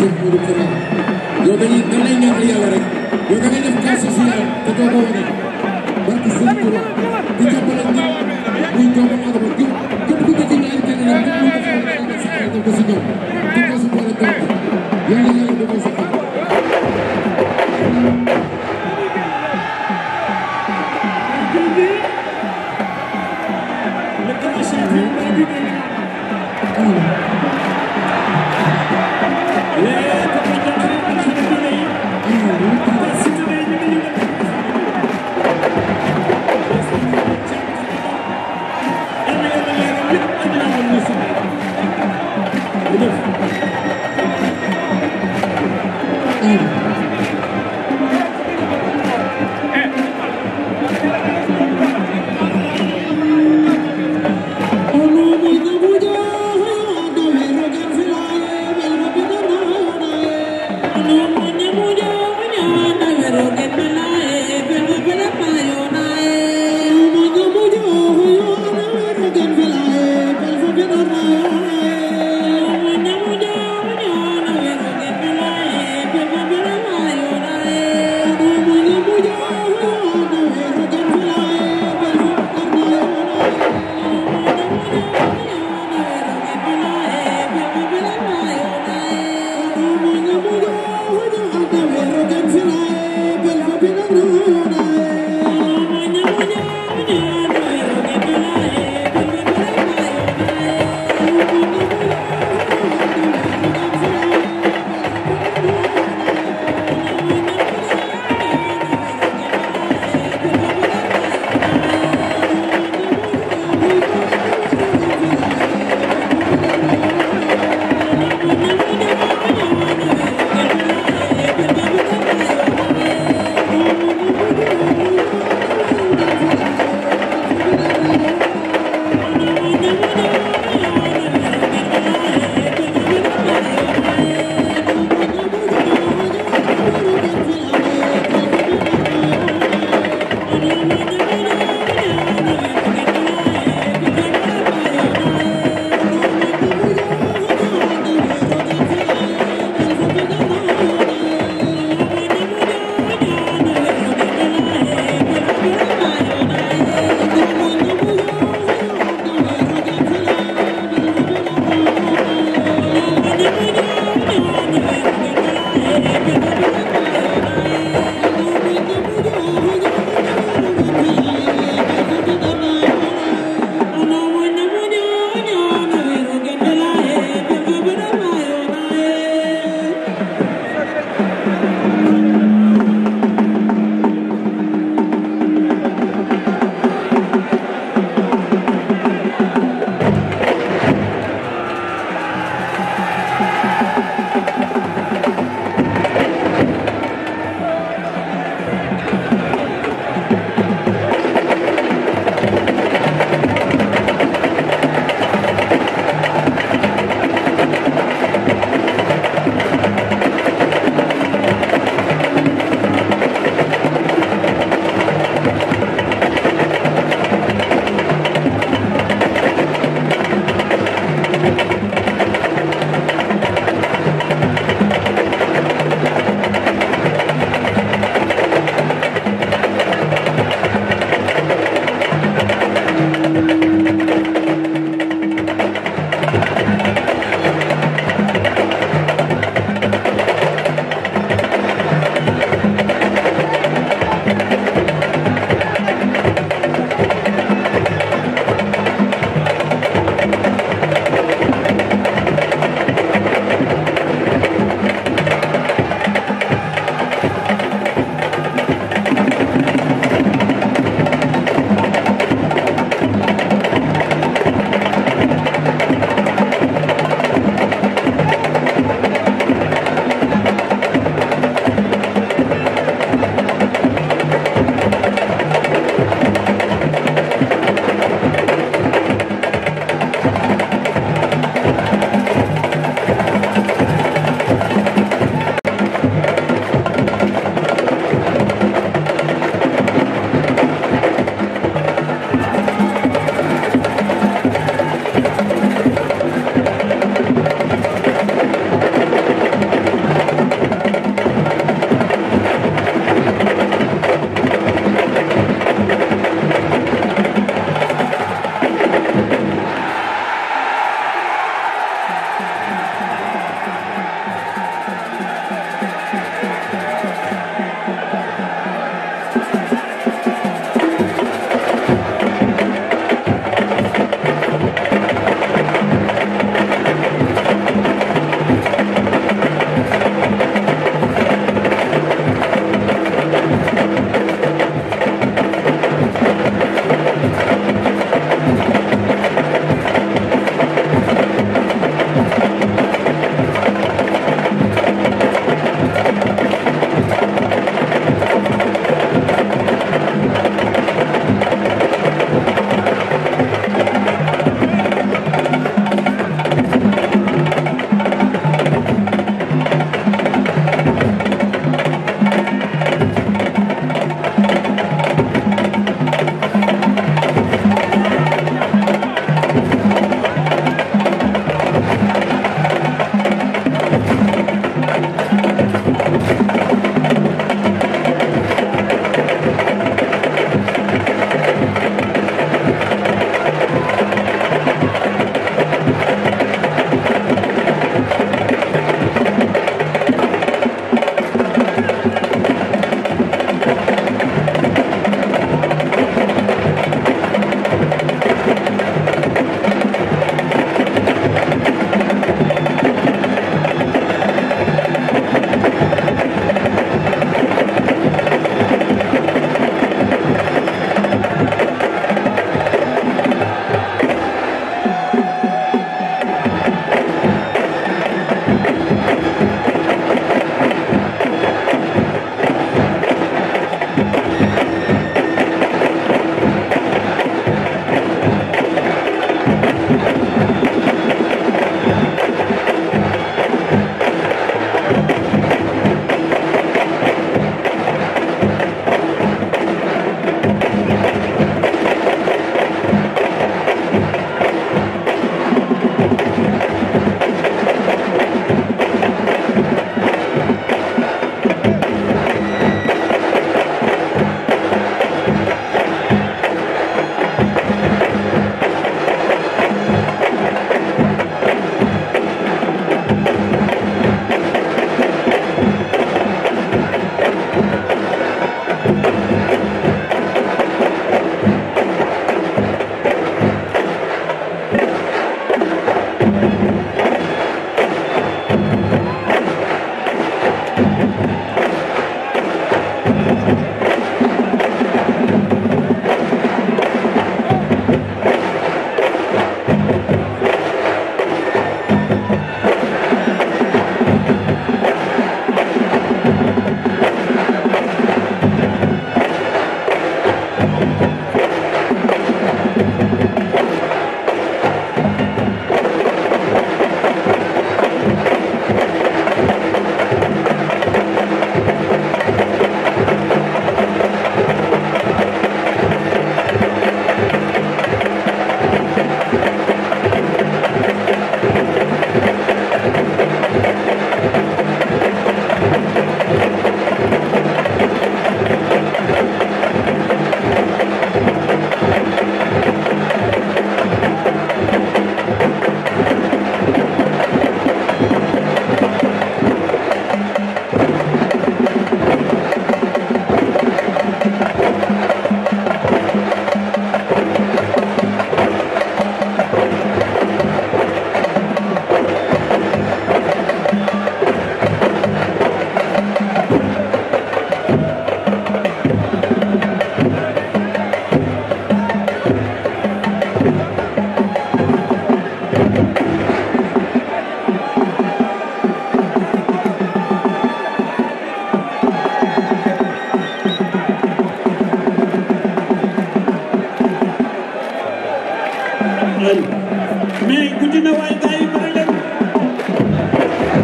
sa buuru kër yi yow dañuy dañ lay ñaanal yàlla rek yow da ngay def cas social te doo ko wane barke sëñ Tuuba ku dëkk ñaari kenn nag képp ku ko xam ne da nga sa xarit da nga jërëjëf. Thank you. lañ mais guddi na waay gars yi bàyyi leen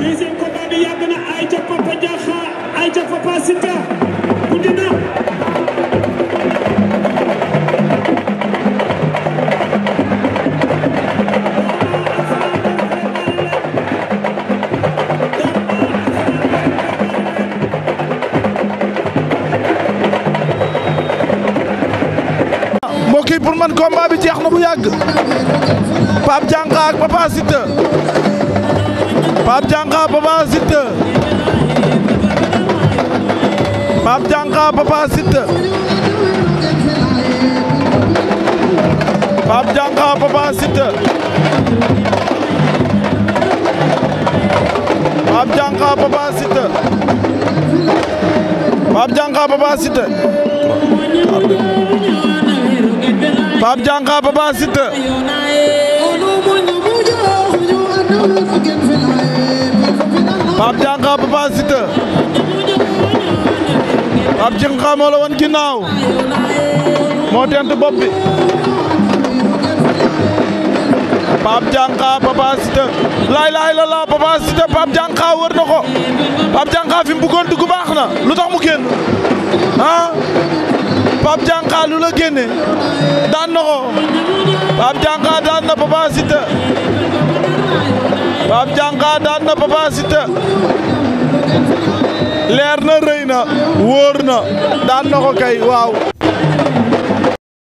deuxième combat bi yàgg na ay ca Papa Diakha ay ca bu yàgg Pape Diakha ak Papa Siteu Pape Diakha Papa Siteu Pape Diakha Papa Siteu Pape Diakha Papa Siteu Pape Diakha Papa Siteu Pape Diakha Papa Siteu Pape Diakha Papa Siteu Pape Diakha Papa Siteu moo la woon ginnaaw moo tent bopp bi Pape Diakha Papa Siteu laay laay la la Papa Siteu Pape Diakha na lu tax mu génn ah Pape Diakha lu la génne daan na ko Pape Diakha daan na Papa Siteu Pape Diakha daan na Papa Siteu rëy na wóor na kay waaw